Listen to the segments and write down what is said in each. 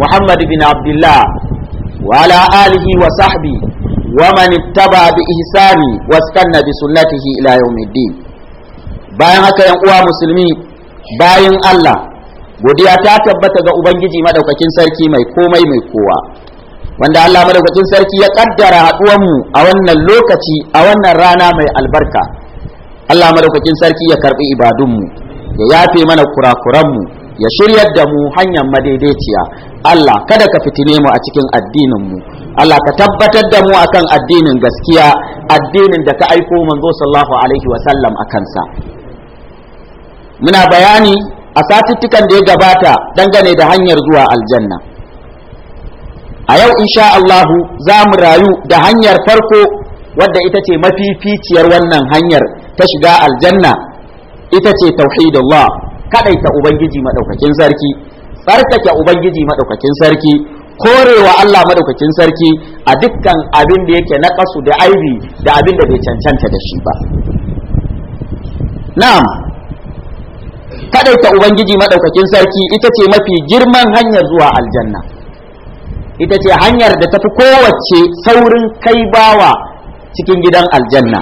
محمد بن عبد الله وعلى آله وصحبه ومن اتبع بإحسان واستنى بسنته إلى يوم الدين bayan haka yan uwa musulmi bayan Allah godiya ta tabbata ga ubangiji madaukakin sarki mai komai mai kowa wanda Allah madaukakin sarki ya kaddara haduwar mu a wannan lokaci a wannan rana mai albarka Allah madaukakin sarki ya karbi ibadun mu ya yafe mana kurakuran mu ya shiryar da mu hanyar madaidaiciya Allah kada ka fitine mu a cikin addinin mu Allah ka tabbatar da mu akan addinin gaskiya addinin da ka aiko manzo sallallahu alaihi wa sallam akansa muna bayani a satittikan da ya gabata dangane da hanyar zuwa aljanna a yau insha Allah za mu rayu da hanyar farko wadda ita ce mafificiyar wannan hanyar ta shiga aljanna ita ce tauhidullah kadaita ubangiji madaukakin sarki barkake ubangiji madaukakin sarki korewa Allah madaukakin sarki a dukkan abin da yake na kasu da aibi da abin da bai cancanta da shi ba na'am kadaita ubangiji madaukakin sarki ita ce mafi girman hanyar zuwa aljanna ita ce hanyar da tafi kowace saurin kai bawa cikin gidan aljanna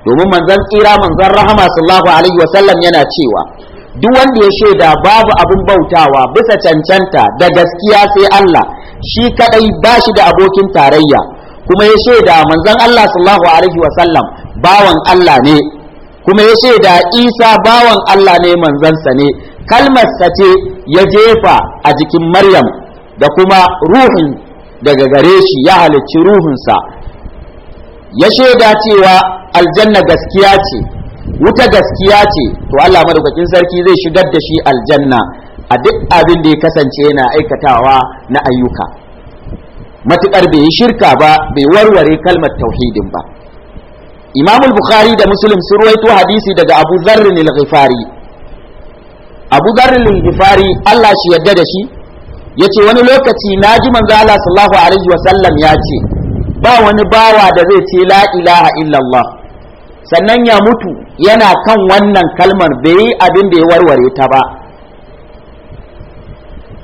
domin manzon tsira manzon rahama sallallahu alaihi wasallam yana cewa duk wanda ya shaida babu abin bautawa bisa cancanta da gaskiya sai Allah shi kadai ba shi da abokin tarayya kuma ya shaida manzon Allah sallallahu alaihi sallam bawan Allah ne kuma ya shaida Isa bawan Allah ne sa ne kalmarsa ce ya jefa a jikin Maryam da kuma ruhin daga gare shi ya halicci ruhunsa ya shaida cewa aljanna gaskiya ce wuta gaskiya ce to Allah madaukakin sarki zai shigar da shi aljanna a duk abin da ya kasance yana aikatawa na ayyuka matukar bai yi shirka ba bai warware kalmar tauhidin ba Imam Bukhari da Muslim sun ruwaito hadisi daga Abu Dharr al-Ghifari Abu Dharr al-Ghifari Allah shi yarda da shi yace wani lokaci naji manzo Allah sallallahu alaihi sallam, ya ce ba wani bawa da zai ce la ilaha illallah sannan ya mutu yana kan wannan kalmar bai yi abin da ya warware ta ba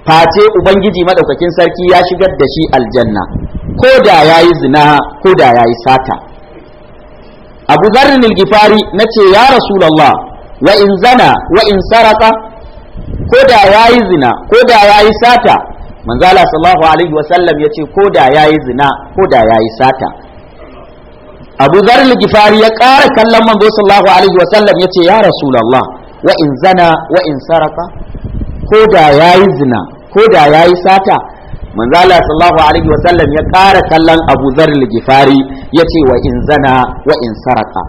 face ubangiji madaukakin sarki ya shigar da shi aljanna ko da ya yi zina ko da ya yi sata abu zarrin gifari na ce ya rasulallah wa in zana wa in saraka ko da ya yi zina ko da ya yi sata manzala sallallahu alaihi wasallam ya ce ko da ya yi zina ko da ya yi sata abu zarar gifari ya ƙara kallon manzo sallallahu alaihi wasallam ya ce ya rasulallah wa in zana wa in saraka ko da ya yi zina ko da ya yi sata manzo Allah sallallahu alaihi wasallam ya ƙara kallon abu zarar gifari ya ce wa in zana wa in saraka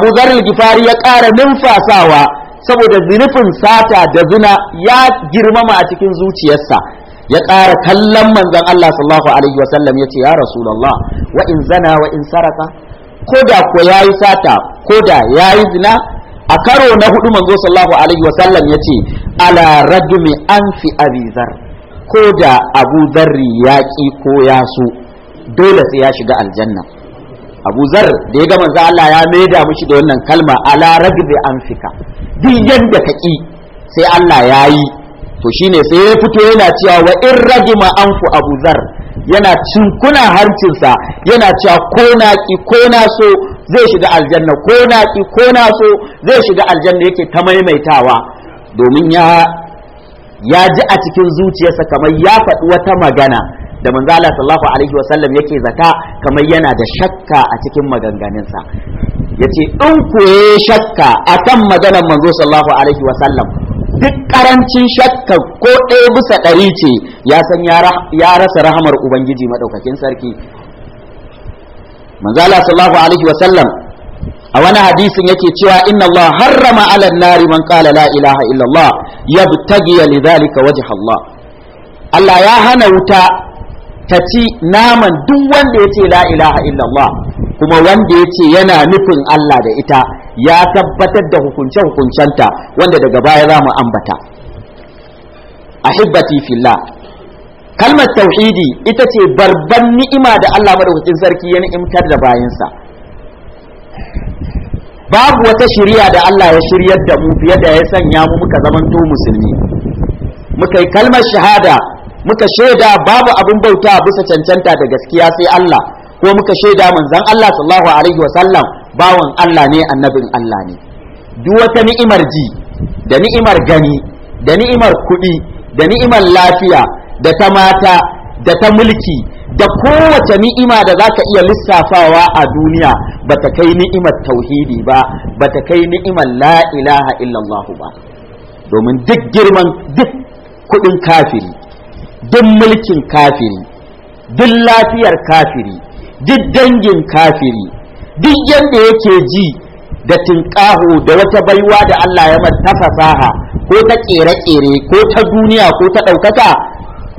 abu zarar gifari ya ƙara numfasawa saboda zunufin sata da zina ya girmama a cikin zuciyarsa ya ƙara kallon manzon Allah sallallahu alaihi wasallam ya ce ya rasulullah wa in zana wa in saraka ko da ko yayi sata ko da yayi zina a karo na hudu manzo sallallahu alaihi wasallam ya ce ala rajmi anfi abizar ko da abu zarri ya ki ko ya so dole sai ya shiga aljanna abu zar da ya ga manzo Allah ya maida mishi da wannan kalma ala rajmi anfika duk yanda ka ƙi sai Allah ya to shine sai ya fito yana cewa wa in ragima anfu abu zar yana cinkuna harcinsa yana cewa ko na ki ko na so zai shiga aljanna ko na ki ko na so zai shiga aljanna yake ta maimaitawa domin ya ya ji a cikin zuciyarsa kamar ya faɗi wata magana da manzala sallallahu alaihi wasallam yake zata kamar yana da shakka a cikin maganganunsa yace in ku shakka akan maganar manzo sallallahu alaihi wasallam duk karancin shakka ko ɗaya bisa ɗari ce ya san ya rasa rahamar ubangiji maɗaukakin sarki manzala sallallahu alaihi wasallam a wani hadisin yake cewa inna Allah harrama ala nari man qala la ilaha illallah yabtagi lidhalika wajh Allah Allah ya hana wuta ta ci naman duk wanda ya ce la ilaha illallah kuma wanda ya ce yana nufin Allah da ita ya tabbatar da hukunce hukuncenta wanda daga baya za mu ambata ahibbati kalmar tauhidi ita ce barban ni'ima da Allah madaukakin sarki ya ni'imtar da bayansa babu wata shiriya da Allah ya shiryar da mu fiye da ya sanya mu muka zamanto musulmi muka yi kalmar shahada muka shaida babu abin bauta bisa cancanta da gaskiya sai Allah ko muka shaida manzon Allah sallallahu alaihi wa sallam bawan Allah ne annabin Allah ne duk wata ni'imar ji da ni'imar gani da ni'imar kuɗi da ni'imar lafiya da ta mata da ta mulki da kowace ni'ima da za ka iya lissafawa a duniya ba ta kai ni'imar tauhidi ba ba ta kai ni'imar la ilaha illallah ba domin duk girman duk kuɗin kafiri duk mulkin kafiri duk lafiyar kafiri duk dangin kafiri duk yadda yake ji da tinƙaho da wata baiwa da Allah ya mata fasaha ko ta ƙere-ƙere ko ta duniya ko ta ɗaukaka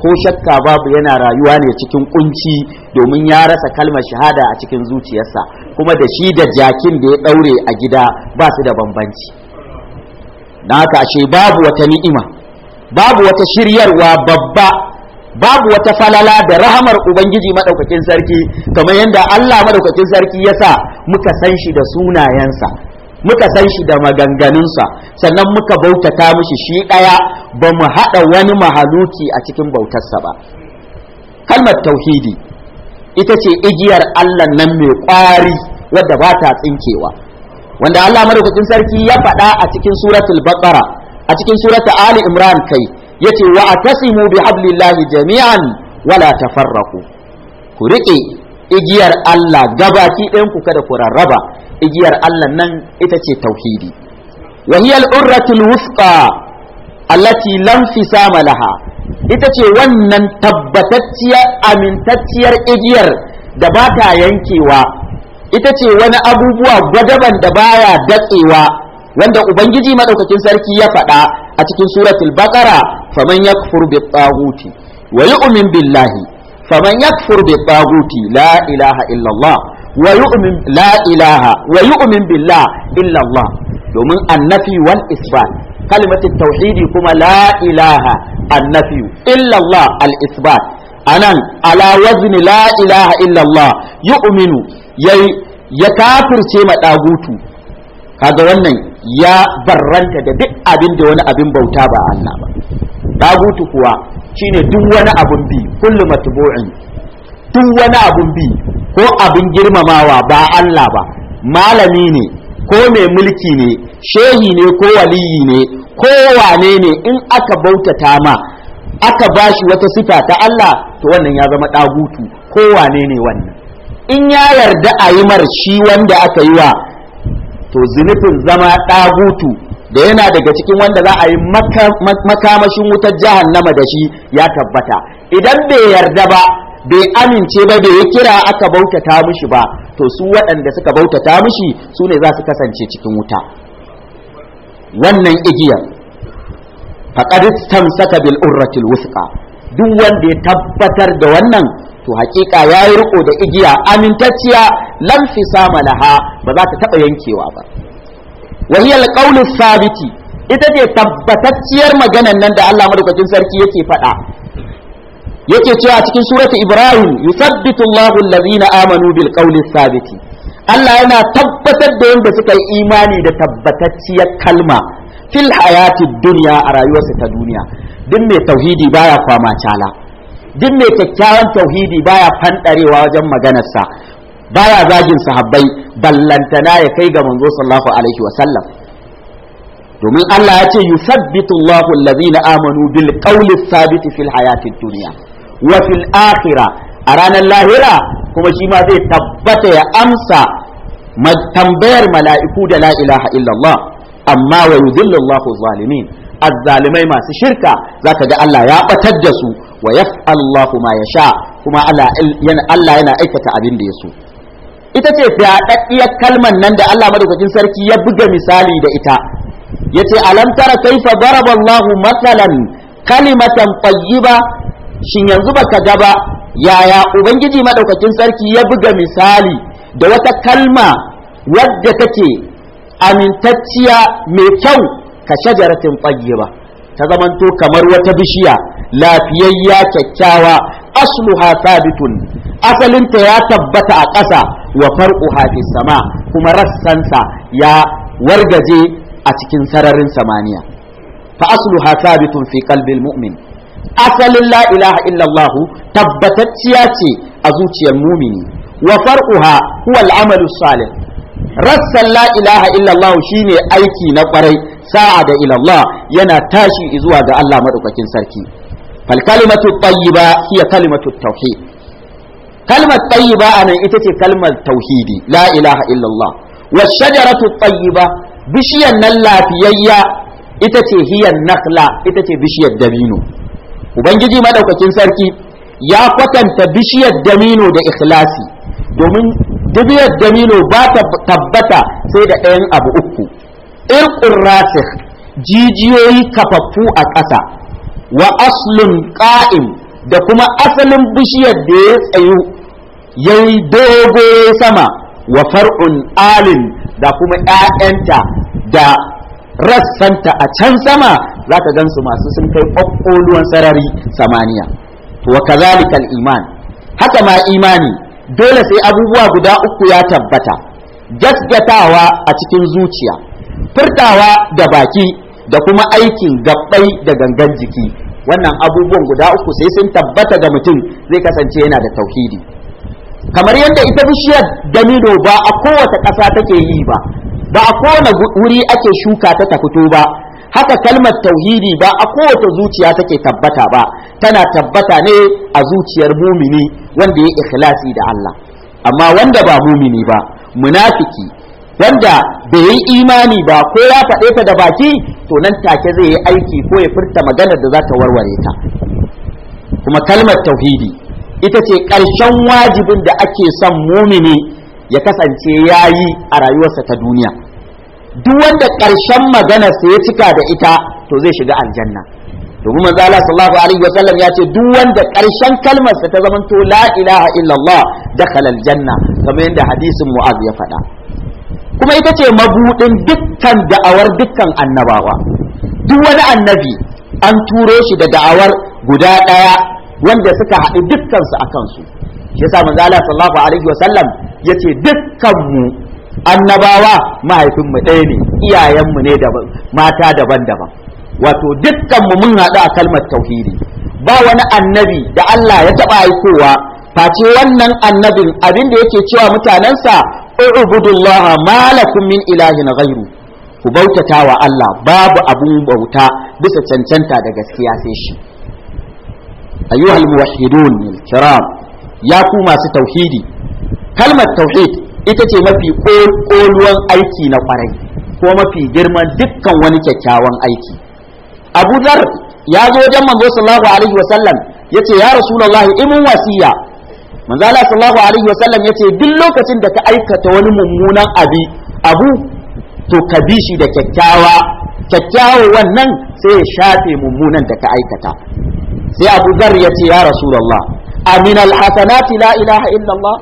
ko shakka babu yana rayuwa ne cikin kunci domin ya rasa kalmar shahada a cikin zuciyarsa kuma da shi da jakin da ya ɗaure a gida ba su da bambanci na haka babu wata ni'ima babu wata shiryarwa babba babu wata falala da rahamar ubangiji madaukakin sarki kamar yadda Allah madaukakin sarki ya sa muka san shi da sunayensa muka san shi da maganganunsa sannan muka bautata mishi shi ɗaya ba mu haɗa wani mahaluki a cikin bautarsa ba kalmar tauhidi ita ce igiyar Allah nan mai ƙwari wadda ba ta tsinkewa wanda Allah madaukakin sarki ya faɗa a cikin suratul baqara a cikin suratul ali imran kai yace wa atasimu bi hablillahi jami'an wala tafarraqu ku riƙe igiyar Allah gabaki ɗin ku kada ku rarraba igiyar Allah nan ita ce tauhidi wa hiya al-urratul wusqa allati lam fisama laha ita ce wannan tabbatacciyar amintacciyar igiyar da ba ta yankewa ita ce wani abubuwa gwadaban da baya datsewa wanda ubangiji madaukakin sarki ya faɗa a cikin suratul baqara faman yakfur bi tsaguti wa yu'min billahi faman yakfur bi tsaguti la ilaha illallah wa yu'min la ilaha wa yu'min billah illallah domin annafi wal isbat kalmatin tauhidi kuma la ilaha annafi illallah al isbat anan ala wazni la ilaha illallah yu'minu yayi ya kafirce ma dagutu kaga wannan ya barranta da duk abin da wani abin bauta ba Allah ba tagutu kuwa shine duk wani abun bi kullu matbu'in duk wani abun bi ko abin girmamawa ba Allah ba malami ne ko mai mulki ne shehi ne ko waliyi ne ko wane ne in aka bautata ma aka bashi wata sifa ta Allah to wannan ya zama dagutu ko wane ne wannan in ya yarda a yi mar shi wanda aka yi wa to zunufin zama dagutu da yana daga cikin wanda za a yi makamashin wutar jihar jahannama da shi ya tabbata idan bai yarda ba bai amince ba bai kira aka bautata mishi ba to su waɗanda suka bautata mishi su ne za su kasance cikin wuta wannan igiyar faƙadis tamsaka bil urratil wuska duk wanda ya tabbatar da wannan to hakika yi riko da igiya amintacciya lamfi fisama laha ba za ta taɓa yankewa ba wa hiya alqawlu thabiti ita ce tabbatacciyar maganan nan da Allah madaukakin sarki yake faɗa yake cewa cikin suratu ibrahim yusabbitu Allahu allazina amanu bil qawli thabiti Allah yana tabbatar da yanda suka yi imani da tabbatacciyar kalma fil hayati duniya a rayuwarsa ta duniya duk mai tauhidi baya kwama cala duk mai kyakkyawan tauhidi baya fandarewa wajen maganarsa baya zagin sahabbai ballantana ya kai ga manzo sallallahu alaihi wa sallam domin Allah ya ce yusabbitu Allahu allazina amanu bil qawli thabit fil hayatid dunya wa fil akhira a ranar lahira kuma shi ma zai tabbata ya amsa tambayar mala'iku da la ilaha illallah amma wa yudhillu Allahu zalimin azzalimai masu shirka zaka ga Allah ya batar da su wa yaf'allahu ma yasha kuma Allah yana aikata abin da ya so ita ce fiyaɗaɗɗiyar kalmar nan da Allah madaukakin sarki ya buga misali da ita yace alam tara kaifa daraba Allahu masalan kalimatan tayyiba shin yanzu baka ga ba yaya ubangiji maɗaukacin sarki ya buga misali da wata kalma wadda take amintacciya mai kyau ka shajaratin tayyiba ta zamanto kamar wata bishiya lafiyayya kyakkyawa asluha sabitun asalinta ya tabbata a ƙasa wa farko hafi sama kuma rassansa ya wargaje a cikin sararin samaniya fa asluha thabitun fi qalbil mu'min asalin la ilaha illallah tabbatacciya ce a zuciyar mumini wa far'uha huwa al salih rassan la ilaha illallah shine aiki na kwarai sa'a da ilallah yana tashi zuwa ga Allah madaukakin sarki fal kalimatu tayyiba hiya kalimatu tauhid kalmar tayyiba a nan ita ce kalmar tauhidi la ilaha illallah wa shajaratu tayyiba bishiyar nan lafiyayya ita ce hiyan nakla ita ce bishiyar damino ubangiji madaukakin sarki ya kwatanta bishiyar damino da ikhlasi domin dubiyar damino ba ta tabbata sai da ɗayan abu uku irƙun rasikh jijiyoyi kafaffu a ƙasa wa aslun qa'im da kuma asalin bishiyar da ya tsayu yayi dogo sama wa far'un alin da kuma ƴaƴanta da rassanta a can sama za ka gansu masu sun kai ƙwaƙƙoluwan sarari samaniya to wa kazalikal iman haka ma imani dole sai abubuwa guda uku ya tabbata gasgatawa a cikin zuciya furtawa da baki da kuma aikin gabbai da gangan jiki wannan abubuwan guda uku sai sun tabbata ga mutum zai kasance yana da tauhidi kamar yadda ita bishiyar damido ba a kowace ƙasa take yi ba ba a kowane wuri ake shuka ta ta fito ba haka kalmar tauhidi ba a kowace zuciya take tabbata ba tana tabbata ne a zuciyar mumini wanda ya ikhlasi da Allah amma wanda ba mumini ba munafiki wanda bai yi imani ba ko ya faɗe ta da baki to nan take zai yi aiki ko ya furta maganar da za ta warware ta kuma kalmar tauhidi ita ce ƙarshen wajibin da ake son mumini ya kasance ya yi a rayuwarsa ta duniya duk wanda ƙarshen maganarsa ya cika da ita to zai shiga aljanna domin manzo Allah sallallahu alaihi wa ya ce duk wanda ƙarshen kalmarsa ta zamanto la ilaha illallah dakhala aljanna kamar yadda hadisin Mu'az ya faɗa kuma ita ce mabuɗin dukkan da'awar dukkan annabawa duk wani annabi an turo shi da da'awar guda ɗaya wanda suka haɗu dukkansu a kansu shi yasa manzo Allah sallallahu alaihi wasallam yace dukkanmu annabawa mahaifin mu ɗaya ne iyayen mu ne daban mata daban-daban wato dukkanmu mun haɗu a kalmar tauhidi ba wani annabi da Allah ya taɓa aikowa face wannan annabin abin da yake cewa mutanensa u'budullaha malakum min ilahin ghairu ku bautata wa Allah babu abun bauta bisa cancanta da gaskiya sai shi ayyuhal muwahhidun kiram ya ku masu tauhidi kalmar tauhid ita ce mafi ƙoluwan aiki na kwarai ko mafi girman dukkan wani kyakkyawan aiki abu dar ya zo wajen manzo sallallahu alaihi wasallam yace ya rasulullahi imun wasiya manzo sallallahu alaihi wasallam yace duk lokacin da ka aikata wani mummunan abi abu to ka bi shi da kyakkyawa kyakkyawa wannan sai ya shafe mummunan da ka aikata sai abu zar ya ce ya rasulallah amin alhasanati la ilaha illallah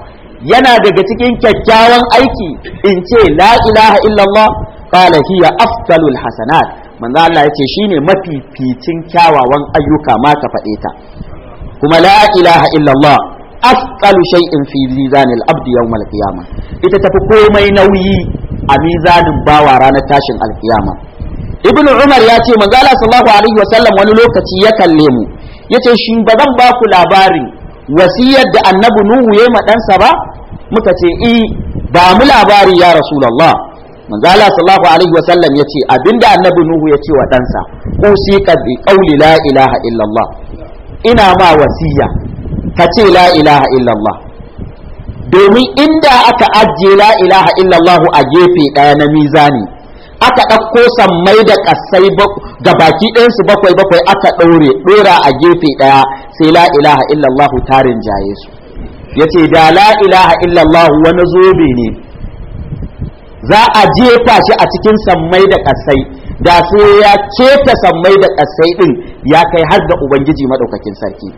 yana daga cikin kyakkyawan aiki in ce la ilaha illallah qala hiya afdalul hasanat manzo Allah yace shine mafificin kyawawan ayyuka ma ka faɗe ta kuma la ilaha illallah afqalu shay'in fi mizanil abdi yawmal qiyama ita tafi komai nauyi a mizanin bawa ranar tashin alkiyama ibnu umar ya ce manzo Allah sallallahu alaihi wasallam wani lokaci ya kalle mu yace shi ba zan ba ku labarin wasiyar da annabi nuhu ya ma ɗansa ba muka ce i eh, ba mu labari ya Rasulallah? manzo sallallahu alaihi wasallam yace abinda annabi nuhu yace wa ɗansa usiqa bi qawli la ilaha illallah ina ma wasiya ka ce la ilaha illallah domin inda aka ajiye la ilaha illallah a gefe ɗaya na mizani aka ɗauko sammai da ƙasai ga baki ɗayansu bakwai bakwai aka ɗore ɗora a gefe ɗaya sai la ilaha illallah tarin jaye su ya ce da la ilaha illallah wani zobe ne za a jefa shi a cikin sammai da ƙasai da sai ya keta sammai da ƙasai ɗin ya kai har da ubangiji maɗaukakin sarki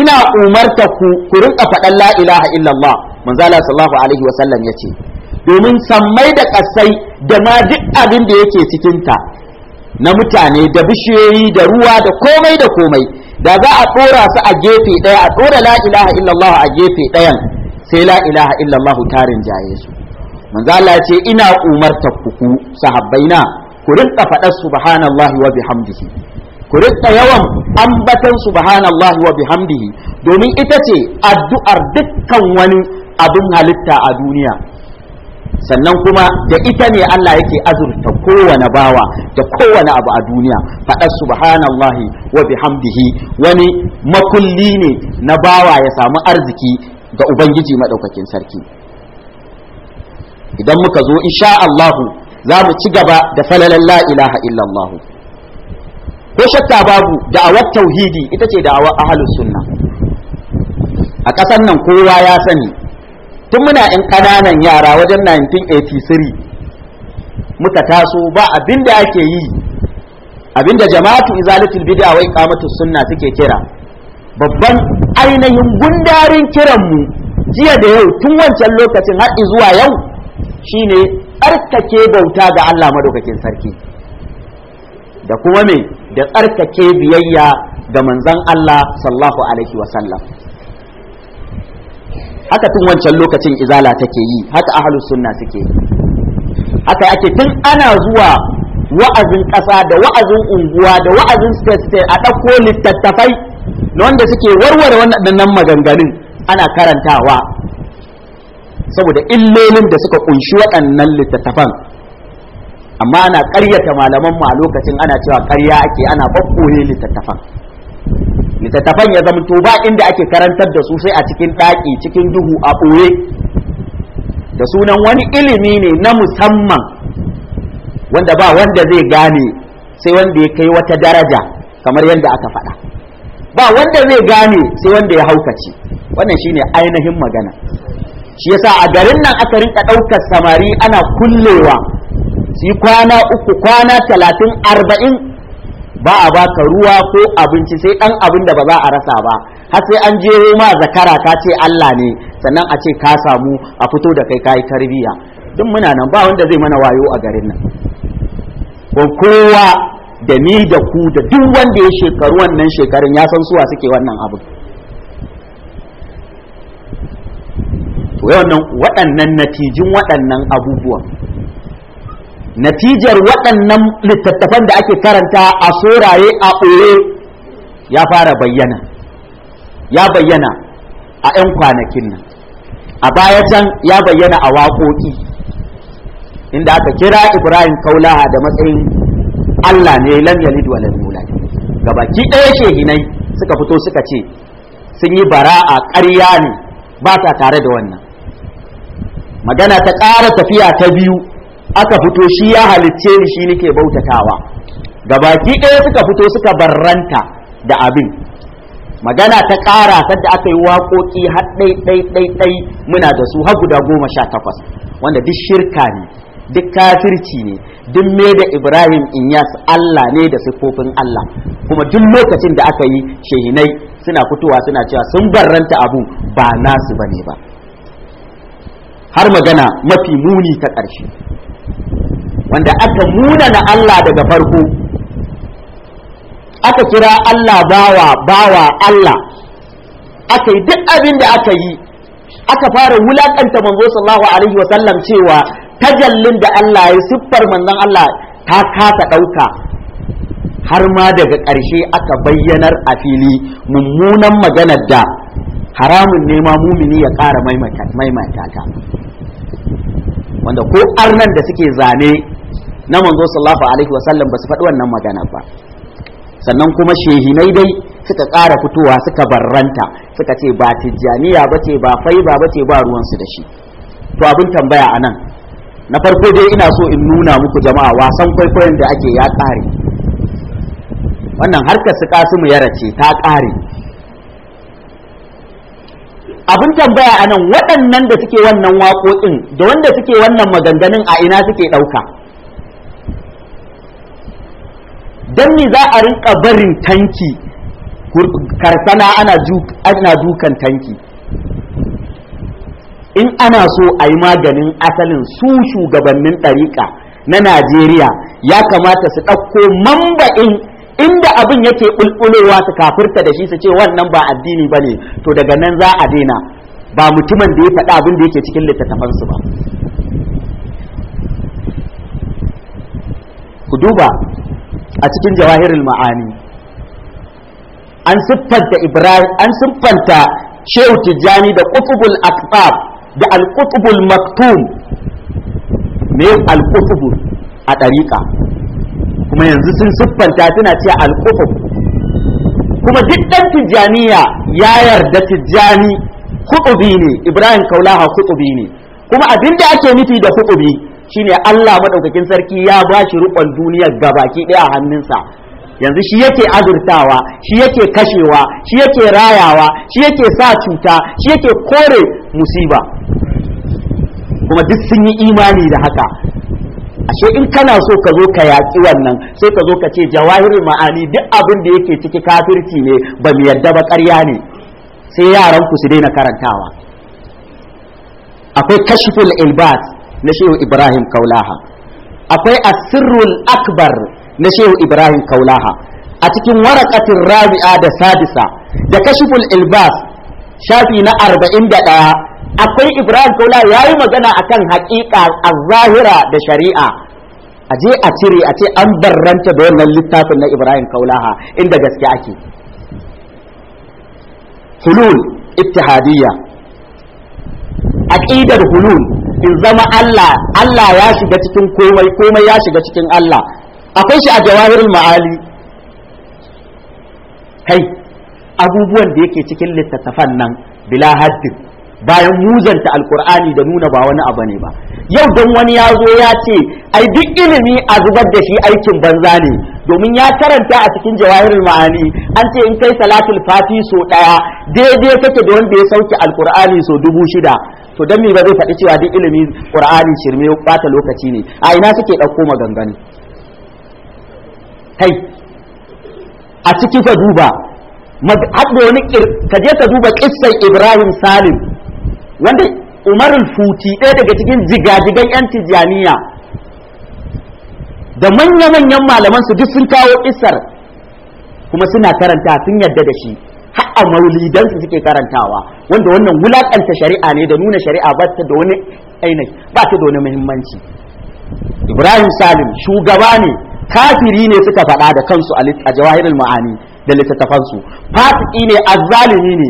ina umarta ku ku rinƙa faɗan la ilaha illallah manzala sallallahu alaihi wasallam ya ce domin sammai da ƙasai da ma duk abin da yake cikinta na mutane da bishiyoyi da ruwa da komai da komai da za a ɗora su a gefe ɗaya a ɗora la ilaha illallah a gefe ɗayan sai la ilaha illallah tarin jaye su manzo Allah ce ina umartar ku sahabbaina ku rinka faɗar subhanallahi wa bihamdihi ku rinka yawan ambatan subhanallahi wa bihamdihi domin ita ce addu'ar dukkan wani abin halitta a duniya sannan kuma da ita ne Allah yake azurta kowane bawa da kowane abu a duniya faɗar subhanallahi wa bihamdihi wani makulli ne na bawa ya samu arziki ga ubangiji maɗaukakin sarki idan muka zo insha Allahu za mu ci gaba da falalan la ilaha illallahu ko shakka babu da'awar tauhidi ita ce da'awar ahlus sunna a ƙasar nan kowa ya sani tun muna yan ƙananan yara wajen 1983 muka taso ba abin da ake yi abin da jama'atu izalatul bid'a wai kamatu sunna suke kira babban ainihin gundarin kiranmu jiya da yau tun wancan lokacin har zuwa yau shine tsarkake bauta ga Allah madaukakin sarki da kuma me da tsarkake biyayya ga manzon Allah sallallahu alaihi wasallam haka tun wancan lokacin izala take yi haka ahlus sunna suke haka ake tun ana zuwa wa'azin ƙasa da wa'azin unguwa da wa'azin state state a ɗauko littattafai na wanda suke warware waɗannan maganganun ana karantawa saboda illolin da suka kunshi waɗannan littattafan amma ana ƙaryata malaman mu a lokacin ana cewa ƙarya ake ana babboye littattafan littattafan ya zama to ba inda ake karantar da su sai a cikin ɗaki cikin duhu a ɓoye da sunan wani ilimi ne na musamman wanda ba wanda zai gane sai wanda ya kai wata daraja kamar yadda aka faɗa ba wanda zai gane sai wanda ya haukace wannan shine ainihin magana shi yasa a garin nan aka rinka ɗaukar samari ana kullewa su yi kwana uku kwana talatin arba'in ba a baka ruwa ko abinci sai dan abin da ba za a rasa ba har sai an je ma zakara ka ce Allah ne sannan a ce ka samu a fito da kai kai tarbiya duk muna nan ba wanda zai mana wayo a garin nan ko kowa da ni da ku da duk wanda ya shekaru wannan shekarun ya san suwa suke wannan abin waɗannan natijin waɗannan abubuwan natijar waɗannan littattafan da ake karanta a soraye a ɓoye ya fara bayyana ya bayyana a 'yan kwanakin nan a baya can ya bayyana a waƙoƙi inda aka kira ibrahim kaulaha da matsayin allah ne lam yalid wa lam yulad gabaki ɗaya ke hinai suka fito suka ce sun yi bara'a ƙarya ne ba ta tare da wannan magana ta ƙara tafiya ta biyu aka fito shi ya halicce ni shi nake bautatawa gabaki baki ɗaya suka fito suka barranta da abin magana ta ƙara sadda aka yi waƙoƙi har ɗai ɗai ɗai ɗai muna da su har guda goma sha takwas wanda duk shirka ne duk kafirci ne duk me da ibrahim inyas allah ne da siffofin allah kuma duk lokacin da aka yi shehinai suna fitowa suna cewa sun barranta abu ba nasu bane ba har magana mafi muni ta ƙarshe wanda aka munana Allah daga farko aka kira Allah bawa bawa Allah aka yi duk abin da aka yi aka fara wulakanta manzo sallallahu alaihi wa sallam cewa tajallin da Allah ya siffar manzon Allah ta kasa ɗauka har ma daga ƙarshe aka bayyanar a fili mummunan maganar da haramun nema mumini ya ƙara maimaita ta wanda ko arnan da suke zane na manzo sallallahu alaihi wasallam ba su faɗi wannan magana ba sannan kuma shehinai dai suka ƙara fitowa suka barranta suka ce ba tijjaniya ba ce ba faiba ba ce ba ruwansu da shi to abin tambaya a na farko dai ina so in nuna muku jama'a wasan kwaikwayon da ake ya ƙare wannan harkar su kasimu ya race ta ƙare abin tambaya anan waɗannan da suke wannan waƙoƙin da wanda suke wannan maganganun a ina suke ɗauka don me za a rinka barin tanki karsana ana dukan tanki in ana so a yi maganin asalin su shugabannin ɗariƙa na najeriya ya kamata su ɗauko mamba'in inda abin yake bulbulowa su kafirta da shi su ce wannan ba addini ba ne to daga nan za a daina ba mutumin da ya faɗa abin da yake cikin littattafansu ba ku duba a cikin jawahirul ma'ani an siffanta ibrahim an siffanta shehu tijjani da qutbul aqtab da al-qutbul maktum me al-qutb a dariqa kuma yanzu sun siffanta suna ce al-qutb kuma duk dan tijjaniya ya yarda tijjani kutubi ne ibrahim kaulaha kutubi ne kuma abinda ake nufi da kutubi shine Allah madaukakin sarki ya ba shi rukon duniya gabaki ɗaya a hannunsa yanzu shi yake azurtawa shi yake kashewa shi yake rayawa shi yake sa cuta shi yake kore musiba kuma duk sun yi imani da haka ashe in kana so ka zo ka yaƙi wannan sai ka zo ka ce jawahirin ma'ani duk abin da yake ciki kafirci ne ba mu yarda ba ƙarya ne sai yaran ku su daina karantawa akwai kashful ilbas na shehu ibrahim kaulaha akwai asirrul akbar na shehu ibrahim kaulaha a cikin warakatin rabi'a da sadisa da kashiful ilbas shafi na arba'in da ɗaya akwai ibrahim kaula ya yi magana akan haƙiƙa a zahira da shari'a a je a cire a ce an barranta da wannan littafin na ibrahim kaulaha inda gaske ake hulul ittihadiyya aqidar hulul in zama Allah Allah ya shiga cikin komai komai ya shiga cikin Allah akwai shi a jawahirul ma'ali kai abubuwan da yake cikin littattafan nan bila haddin bayan muzanta alkur'ani da nuna ba wani abu ne ba yau don wani ya zo ya ce ai duk ilimi a zubar da shi aikin banza ne domin ya karanta a cikin jawahirul ma'ani an ce in kai salatul fati so daya daidai kake da wanda ya sauke alkur'ani so dubu shida to dan me ba zai faɗi cewa duk ilimin qur'ani shirme bata lokaci ne a ina suke ɗauko maganganu kai a ciki ka duba hadda wani ƙir ka je ka duba kissan Ibrahim Salim wanda Umar Futi ɗaya daga cikin jigajigan yan Tijaniya da manya-manyan malaman su duk sun kawo ƙisar kuma suna karanta sun yadda da shi har a suke karantawa wanda wannan wulakanta shari'a ne da nuna shari'a ba ta da wani ba ta da wani muhimmanci ibrahim salim shugaba ne kafiri ne suka faɗa da kansu a jawahirul ma'ani da littattafansu fasiki ne azzalimi ne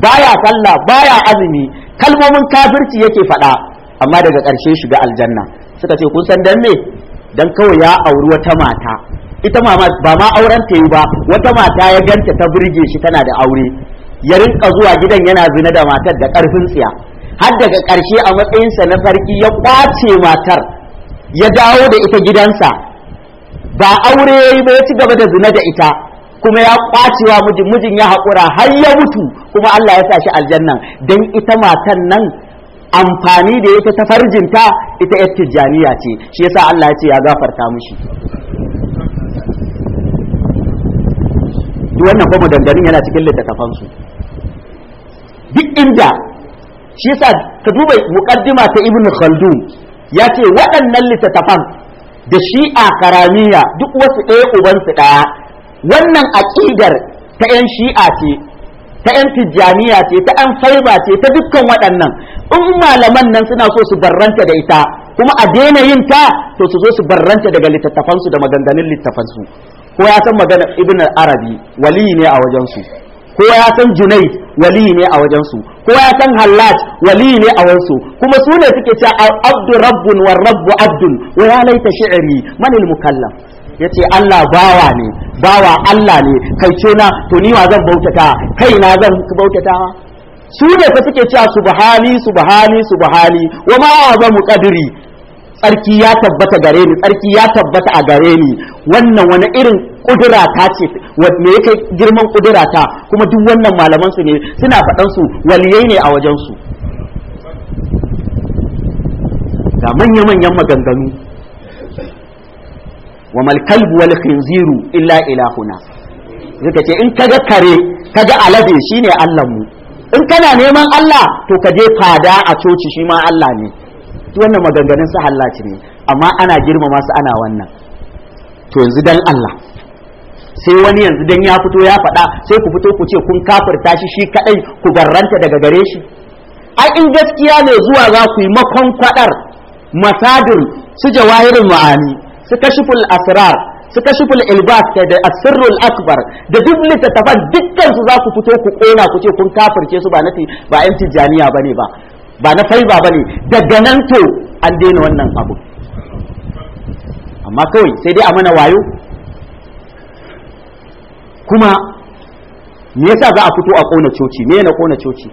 baya sallah baya azumi kalmomin kafirci yake faɗa amma daga ƙarshe shiga aljanna suka ce kun san dan me dan kawai ya auri wata mata ita mama ba ma auren ta yi ba wata mata ya ganta ta burge shi tana da aure ya rinka zuwa gidan yana zina da matar da karfin tsiya har daga karshe a matsayinsa na sarki ya kwace matar ya dawo da ita gidansa ba aure ya yi ba ya ci gaba da zina da ita kuma ya kwacewa mijin mijin ya haƙura har ya mutu kuma Allah ya sa shi aljannan dan ita matar nan amfani da ita ta farjinta ita yar tijjaniya ce shi yasa Allah ya ce ya gafarta mishi duk wannan kuma dangarin yana cikin su duk inda shi yasa ka duba muqaddima ta ibnu khaldun ya ce waɗannan littattafan da shi'a karamiya duk wasu ɗaya su ɗaya wannan aƙidar ta 'yan shi'a ce ta 'yan tijjaniya ce ta 'yan faiba ce ta dukkan waɗannan in malaman nan suna so su barranta da ita kuma a daina yin ta to su zo su barranta daga su da maganganun su ko ya san magana ibn arabi wali ne a wajensu. ko ya san junai wali ne a wajensu. su ko ya san hallat waliyi ne a wajen kuma su ne suke cewa abdu rabbun wa rabbu abdun wa ya laita shi'ri man al mukallam yace Allah bawa ne bawa Allah ne kai ce na to ni wa zan bautata kai na zan bautata su ne fa suke cewa subhani subhani subhani wa ma azamu qadri tsarki ya tabbata gare ni tsarki ya tabbata a gare ni wannan wani irin kudura ta ce me yake girman kudura ta kuma duk wannan malaman su ne suna faɗan su waliyai ne a wajen su ga manya manyan maganganu wa mal kalbu wal khinziru illa ilahuna suka ce in kaga kare kaga alade shine Allah mu in kana neman Allah to kaje fada a coci shi ma Allah ne wannan maganganun su hallaci ne amma ana girmama su ana wannan to yanzu dan Allah sai wani yanzu dan ya fito ya faɗa sai ku fito ku ce kun kafirta shi shi kadai ku garranta daga gare shi ai in gaskiya ne zuwa za ku yi makon kwadar masadir su jawahirul ma'ani su kashiful asrar su kashiful ilbas da asirrul akbar da duk littattafan dukkan su za ku fito ku kona ku ce kun kafirce su ba na ba yan tijjaniya bane ba ba na faiba ba ne daga nan to an daina wannan abu amma kawai sai dai a mana wayo kuma me yasa za a fito a kona coci me na kona coci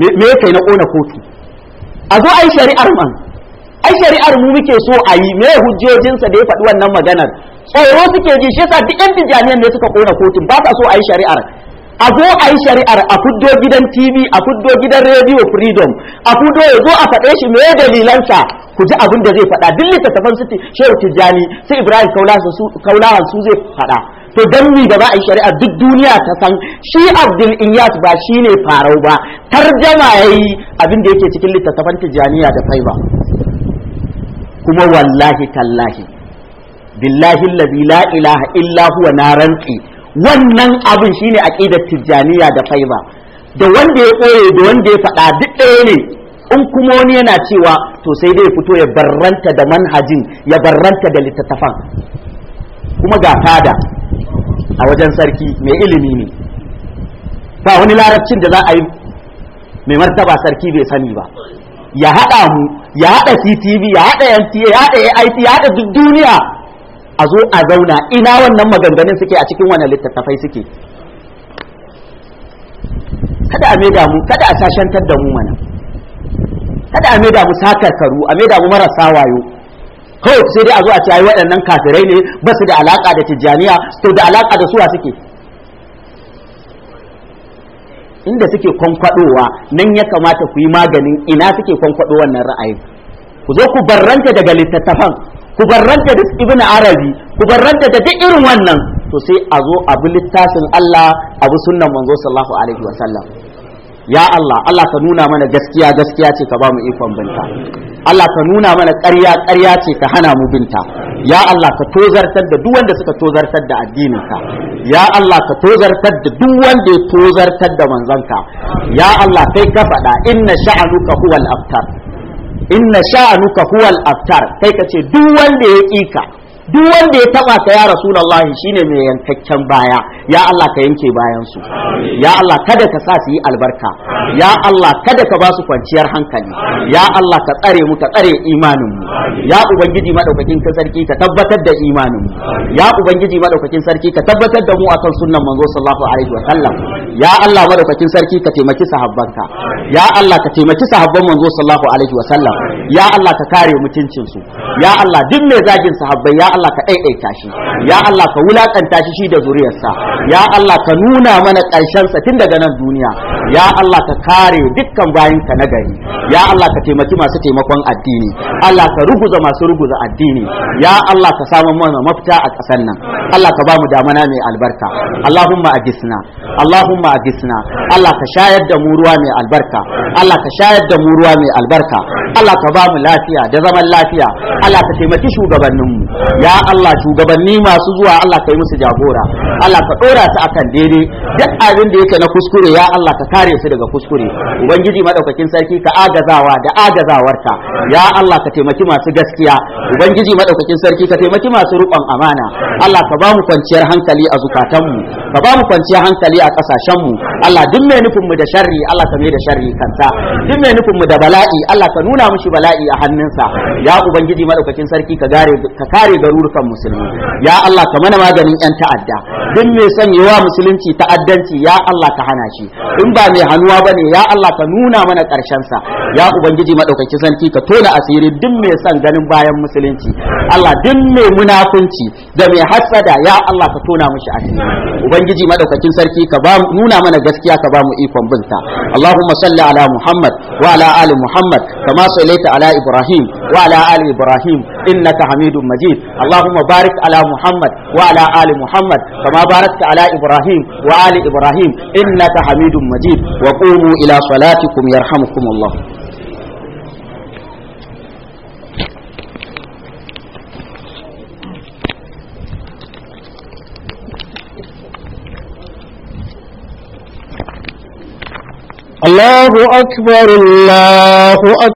me kai na kona kotu a zo ai shari'ar man ai shari'ar mu muke so a yi me hujjojinsa da ya faɗi wannan maganar tsoro suke ji shi yasa duk yan tijjaniyan ne suka kona kotun ba sa so a yi shari'ar a zo a yi shari'ar a fuddo gidan tv a fuddo gidan radio freedom a fuddo ya zo a faɗe shi mai dalilansa ku ji abin da zai faɗa duk littattafan su shehu tijjani su ibrahim kaulahan su zai faɗa to dan mi da ba a yi shari'ar duk duniya ta san shi abdul inyas ba shi ne farau ba tarjama ya yi abin da yake cikin littattafan tijjaniya da faiba kuma wallahi tallahi billahi la ilaha illa huwa na rantsi wannan abin shine aqidar tijjaniya da faiba da wanda ya koye da wanda ya faɗa duk ɗaya ne in kuma wani yana cewa to sai dai fito ya barranta da manhajin ya barranta da littattafan kuma ga fada a wajen sarki mai ilimi ne ba wani larabcin da za a yi mai martaba sarki bai sani ba ya haɗa mu ya haɗa cctv ya haɗa mta ya haɗa ait ya haɗa duk duniya a zo a zauna ina wannan maganganun suke a cikin wani littattafai suke kada a maida mu kada a tashantar da mu mana kada a maida mu sakarkaru a maida mu marasa wayo kawai sai dai a zo a ce ai waɗannan kafirai ne ba su da alaka da tijjaniya to da alaka da suwa suke inda suke kwankwadowa nan ya kamata ku yi maganin ina suke kwankwado wannan ra'ayin ku zo ku barranta daga littattafan ku barranta da ibn arabi ku barranta da duk irin wannan to sai a zo abu littafin Allah abu sunnan manzo sallallahu alaihi wasallam ya Allah Allah ka nuna mana gaskiya gaskiya ce ka ba mu ikon binta Allah ka nuna mana ƙarya ƙarya ce ka hana mu binta ya Allah ka tozartar da duk wanda suka tozartar da addininka ya Allah ka tozartar da duk wanda ya tozartar da manzanka ya Allah kai ka faɗa inna sha'anuka huwal abtar inna sha'anuka huwal aftar kai ka ce duk wanda ya ƙi ka duk wanda ya taba ka ya rasulullahi shine mai yankakken baya ya Allah ka yanke bayan su ya Allah kada ka sa su yi albarka ya Allah kada ka ba su kwanciyar hankali ya Allah ka tsare mu ka tsare imanin mu ya ubangiji madaukakin sarki ka tabbatar da imanin mu ya ubangiji madaukakin sarki ka tabbatar da mu akan sunnan manzo sallallahu alaihi wa sallam ya Allah madaukakin sarki ka taimaki sahabbanka ya Allah ka taimaki sahabban manzo sallallahu alaihi wa sallam ya Allah ka kare mutuncin su ya Allah duk mai zagin sahabbai ya Allah ka ɗaiɗaita shi ya Allah ka wulakanta shi shi da zuriyarsa ya Allah ka nuna mana ƙarshen sa tun daga nan duniya ya Allah ka kare dukkan bayanka na gari ya Allah ka taimaki masu taimakon addini Allah ka ruguza masu ruguza addini ya Allah ka samu mana mafita a ƙasar nan Allah ka ba mu damana mai albarka Allahumma ajisna Allahumma ajisna Allah ka shayar da mu ruwa mai albarka Allah ka shayar da mu ruwa mai albarka Allah ka ba mu lafiya da zaman lafiya Allah ka taimaki shugabanninmu ya Allah shugabanni masu zuwa Allah ka yi musu jagora Allah ka dora su akan daidai duk abin da yake na kuskure ya Allah ka kare su daga kuskure ubangiji madaukakin sarki ka agazawa da agazawarka ya Allah ka taimaki masu gaskiya ubangiji madaukakin sarki ka taimaki masu rukon amana Allah ka ba mu kwanciyar hankali a zukatanmu ka ba mu kwanciyar hankali a kasashenmu Allah duk mai nufin mu da sharri Allah ka mai da sharri kansa duk mai nufin mu da bala'i Allah ka nuna mushi bala'i a hannunsa ya ubangiji madaukakin sarki ka gare ka kare darurkan musulmi ya Allah ka mana maganin yan ta'adda duk mai son musulunci ta'addanci ya Allah ka hana shi in ba mai hannuwa ne ya Allah ka nuna mana karshen sa ya ubangiji madaukakin sarki ka tona asiri duk mai son ganin bayan musulunci Allah duk mai munafunci da mai hasada ya Allah ka tona mushi asiri ubangiji maɗaukakin sarki ka ba nuna mana gaskiya ka ba mu ikon binta Allahu masalli ala Muhammad wa ala ali Muhammad kama sallaita ala Ibrahim wa ala ali Ibrahim innaka Hamidu Majid اللهم بارك على محمد وعلى آل محمد كما باركت على إبراهيم وآل إبراهيم إنك حميد مجيد وقوموا إلى صلاتكم يرحمكم الله الله أكبر الله أكبر